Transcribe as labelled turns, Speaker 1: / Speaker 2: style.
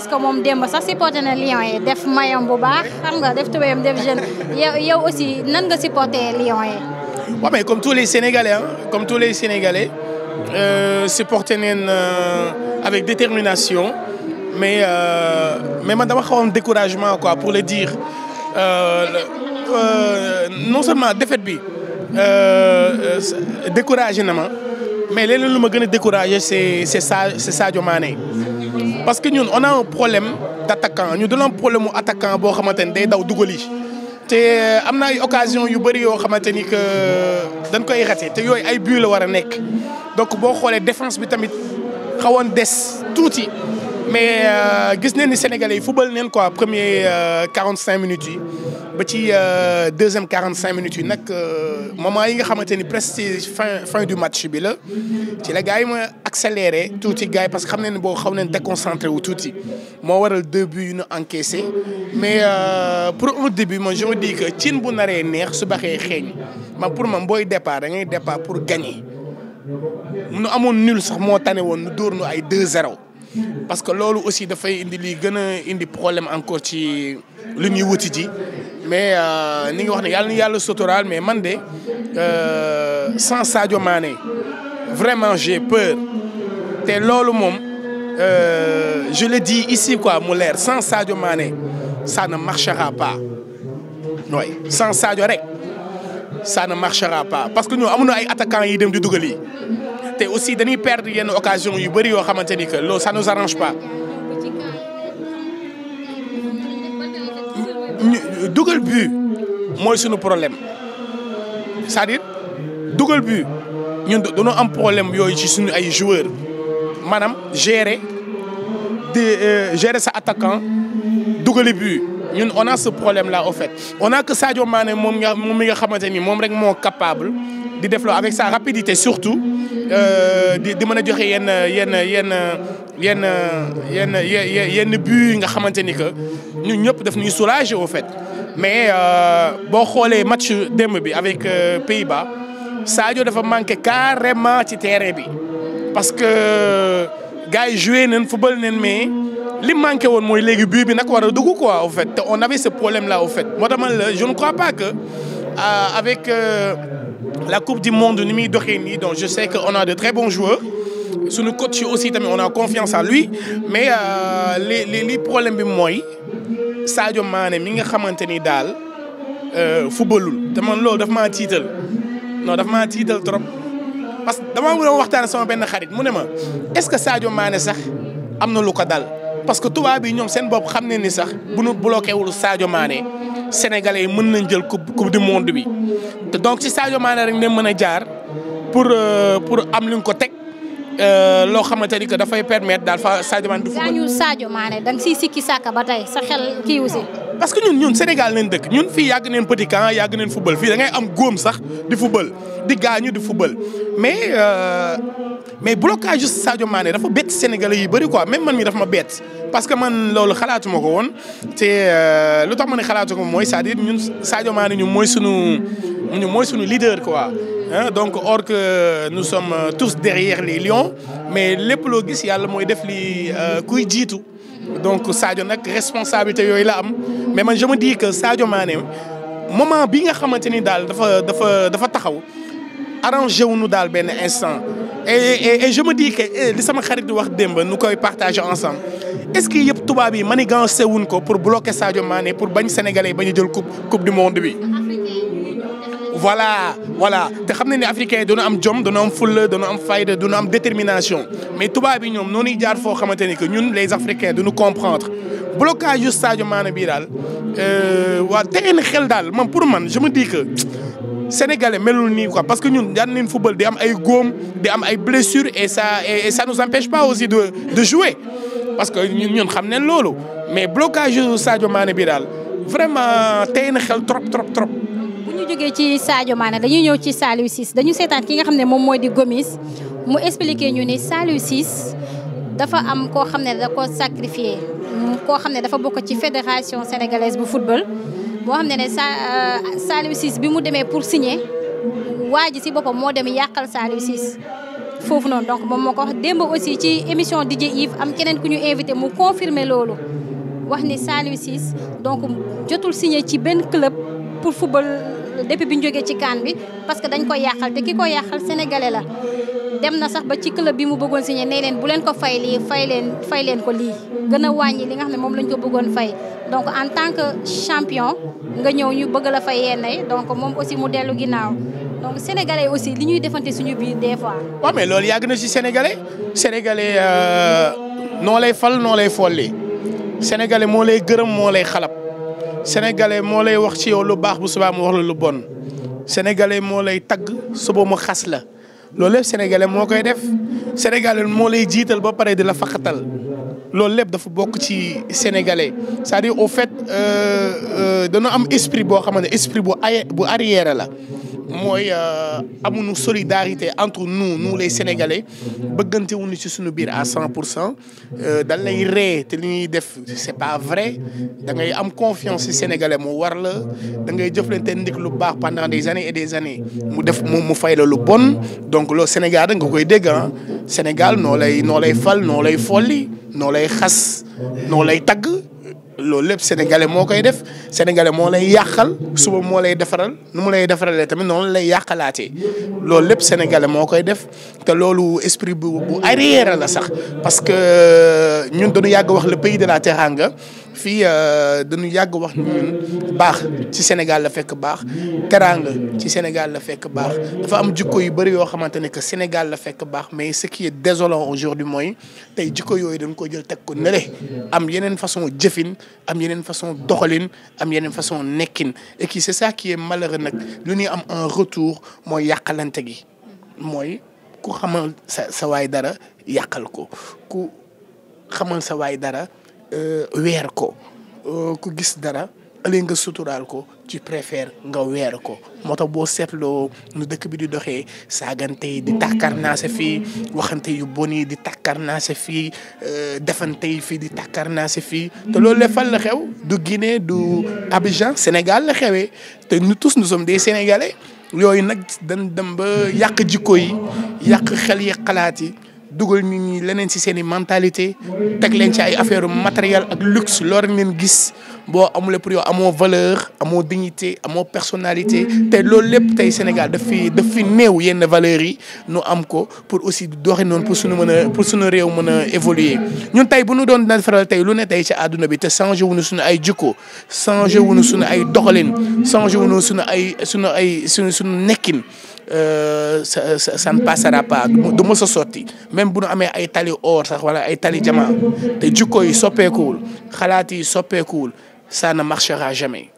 Speaker 1: gis ko moom démb sax supporté na Lions yi def mayam bu baax nga def
Speaker 2: tubéyam def jeune yow aussi nan nga supporté Lions yi.
Speaker 1: waaw comme tous les Sénégalais hein, comme tous les Sénégalais euh, supporté neen euh, avec détermination mais euh, mais man dama xawoon découragement quoi pour le dire euh, euh, non seulement défaite bi découragé na ma mais leneen lu ma gën a découragé c'est c'est Sadio Mané. parce que ñun on a problème d' attaquant ñu doon am problème mu attaquant boo xamante ni day daw dugal te euh, am na ay occasion yu bëri yoo xamante ni que euh, dañ koy raté te yooyu ay but la war a nekk donc boo xoolee défense bi tamit xawoon des tuuti mais euh, gis nañ ni sénégalais yi football neen quoi premier 45 minutes yi. ba ci euh, deuxième quarante cinq minutes yi nag euh, moment yi nga xamante ni presque fin fin du match bi la ci la gars yi ma accéléré tuuti gars yi parce que xam ne ni boo xaw neen déconcentré wu tuuti moo waral deux buts yu ñu encaissé mais euh, pour un début man je me dis que cin bu naree neex su baxee xeeñ ma pour man booy départ da ngay départ pour gagner nu amoon nul sax moo tane woon nu dóor nu ay 2-0 parce que loolu aussi dafay indi li gën a indi problème encore ci lu wuti ji mais euh, ni nga wax ne yàlla na yàlla sotoraal mais man de euh, sans Sadio maane vraiment j'ai peur te loolu moom euh, je le di ici quoi mu leer sans saajo maane saa ne marchera pas oui sans saajo rek ça ne marchera pas parce que am amuñu ay attaquants yi dem di dugal yi te aussi dañuy perdre yenn occasion yu bëri yoo xamante ni que loolu ça nous arrange pas dugal but mooy sunu problème c'est-à-dire dugal but ñun dañoo am problème yooyu ci suñu ay joueur maanaam gérer de euh, gérer sa attaquant dugali but ñun on a problème là au fait on a que Sadio Mané moom nga moom mi nga xamante ni moom rek moo capable di def loo avec sa rapidité surtout euh, di di mën a joxe yenn yenn yenn yenn yenn yenn but yi nga xamante ni que ñun ñëpp def ñuy soulager au fait mais euh, boo xoolee match démb bi avec euh, Pays-Bas Sadio dafa manqué carrément ci terrain bi parce que gars yi joué nañ football nañ mais li manqué woon mooy léegi but bi nag war a dugg quoi au fait te on avait ce problème là au fait moo tax man la je ne crois pas que euh, avec la coupe du monde ni muy doxee nii donc je sais que on a de très bons joueurs suñu coach yi aussi tamit on a confiance à lui mais euh, li li problème bi mooy saajo maane mi nga xamante ni daal euh, fubalul te man loolu daf maa tiital non daf maa tiital trop parce que dama doon waxtaan sama benn xarit mu ne ma est-ce que Sadio Mané sax am na lu ko dal parce que tubaab yi ñoom seen bopp xam ne ni sax bu nu bloqué wul Sadio Mané sénégalais yi mën nañ jël coupe coupe du monde bi te donc ci Sadio maane rek ne mën a jaar pour euh, pour am lu ñu ko teg. Euh, loo xamante ni que dafay permettre daal fa Sadio Mané du. gaañu
Speaker 2: Sadio Mané da nga siy sikki ba tey sa xel kii wu
Speaker 1: parce que ñun ñun Sénégal leen dëkk ñun fii yàgg neen petit camp yàgg neen football fii da ngay am góom sax di football di gaañu di football mais euh, mais blocage Sadio Mané dafa bett Sénégalais yi bëri quoi même man mi dafa ma bett. parce que man loolu xalaatu ma ko woon te euh, lu tax ma ne xalaatu ko mooy c'est-à-dire ñun Sadio Mané mooy sunu ñu mooy sunu leader quoi. Hein, donc or que nous sommes euh, tous derrière li Lions mais lépp loo gis yàlla mooy def li euh, kuy jiitu donc Sadio nag responsabilité yooyu la am mais man je me dis que Sadio Mané moment bi nga xamante ni daal dafa dafa dafa taxaw arrangé wu daal benn instant. Et, et et je me eh, li sama xarit di wax démb nu koy partager ensemble est-ce que yëpp tubaab yi manigancé wuñ ko pour bloquer Sadio maane pour bañ sénégale bañ a jël coupe coupe du monde bi. voilà voilà te xam ne ni africain yi dañu am jom dañu am fulla dañu am fayda dañu am détermination mais tubaab bi ñoom noonu jaar foo xamante ni que ñun les africains dañu comprendre blocage yu Sadio Mané bii daal euh, waa tegeen xel daal man pour man je me dis que sénégalais melul nii quoi parce que ñun daan nañ football di am ay góom di am ay blessures et ça et ça empêche pas aussi de de jouer parce que ñun ñun xam nañ loolu mais blocage yu Sadio Mané bi daal vraiment tegeen xel trop trop trop.
Speaker 2: jógee ci Sadio Mané dañuy ñëw ci Saliou Ciss dañu seetaan ki nga xam ne moom mooy di Gomis mu expliqué ñu ni Saliou Ciss dafa am koo xam ne da ko sacrifié koo xam ne dafa bokk ci fédération sénégalaise bu football boo xam ne ne sa euh, Saliou bi mu demee pour signer waa ji si boppam moo dem yàqal Saliou foofu noonu donc moom moo ko démb aussi ci émission DJ Yves am keneen ku ñu invité mu confirmer loolu wax ni Saliou Ciss donc jotul signé ci benn club pour depuis bi ñu jógee ci kaan bi parce que dañ ko yàqal te ki ko yàqal sénégalais la dem na sax ba ci club bi mu bëggoon signé nee leen bu leen ko fay lii fay leen fay leen ko lii gën wàññi li nga xam ne moom lañ ko bëggoon fay donc en tant que champion nga ñëw ñu bëgg la fay yenn donc moom aussi mu dellu ginnaaw donc sénégalais aussi li ñuy defante suñu biir des fois.
Speaker 1: waaw mais loolu yàgg na ci sénégalais sénégalais euh, noo lay fal noo lay folli sénégalais moo lay gërëm moo lay xalab. sénégalais moo lay wax ci yow lu baax bu subaa mu wax la lu bon sénégalais moo lay tagg suba mu xas la loolu lépp sénégalais moo koy def sénégalais moo lay jiital ba pare di la faxatal loolu lépp dafa bokk ci sénégalais c'est-à-dire au fait euh, euh, dana am esprit boo xamante ne esprit bu ay bu arrière la. mooy euh, amuñu solidarité entre nous nous les sénégalais bëggante wuñu ci sunu biir à cent pour cent euh, dañ lay ree te li ñuy def c'est pas vrai da ngay am confiance ci sénégalais mu war la da ngay jëflante ndik lu baax pendant des années et des années mu def mu mu fay la lu bon donc loo Sénégal da nga koy dégg ah. Sénégal noo lay noo fal noo lay folli noo lay xas noo lay tagg loolu lépp sénégalais moo koy def sénégalais moo lay yàqal suba moo lay defaral nu mu lay defaralee tamit noonu lay yàqalaatee loolu lépp sénégalais moo koy def te loolu esprit bu bu arrière la sax parce que euh, ñun dañu yàgg wax la pays de la teranga fii euh, dañu yàgg wax ñun baax ci Sénégal la fekk baax teraanga ci Sénégal la fekk baax dafa am jikko yu bëri yoo xamante ne que Sénégal la fekk baax mais ce qui est désolant aujourd'hui mooy tey jikko yooyu dañ ko jël teg ko nële am yeneen façon jëfin am yeneen façon doxalin am yeneen façon nekkin et qui c'est ça qui est malheureux nag lu ñuy am un retour mooy yàqalante gi mooy ku xamal sa sa waay dara yàqal ko ku xamal sa waay dara Euh, weer ko euh, ku gis dara ëllëg nga suturaal ko ci préfère nga weer ko moo tax boo seetloo nu dëkk bi di doxee saagante yi di tàkkarnaase fii waxante yu bon yi di tàkkarnaase fii euh, defante yi fii di tàkkarnaase fii te loolu la fan la xew du Guinée du Abidjan Sénégal la xewee te nous tous nous sommes des Sénégalais yooyu nag dañ dem ba yàq jikko yi yàq xel yi xalaat yi dugal ñu ñi leneen ci seen i mentalité teg leen ci ay affaire matériel ak luxe loo leen gis boo amulee pour yoo amoo valeur amoo dignité amoo personnalité te loolu lépp tey Sénégal daf fi daf fi néew yenn valeur yi nu am ko pour aussi doxi noonu pour suñu mën a pour suñu réew mën a évoluer ñun tey bu nu doon defaral tey lu ne tey ci àdduna bi te changé wunu suñu ay jikko changé wuñu suñu ay doxalin changé wuñu suñu ay suñu ay suñu suñu nekkin Euh, ça ça ne passera du mës sotti même bu nu amee ay tali or sax wala ay tali jama te jukko yi soppeekuwul xalaat yi soppeekuwul ça ne marchera jamais.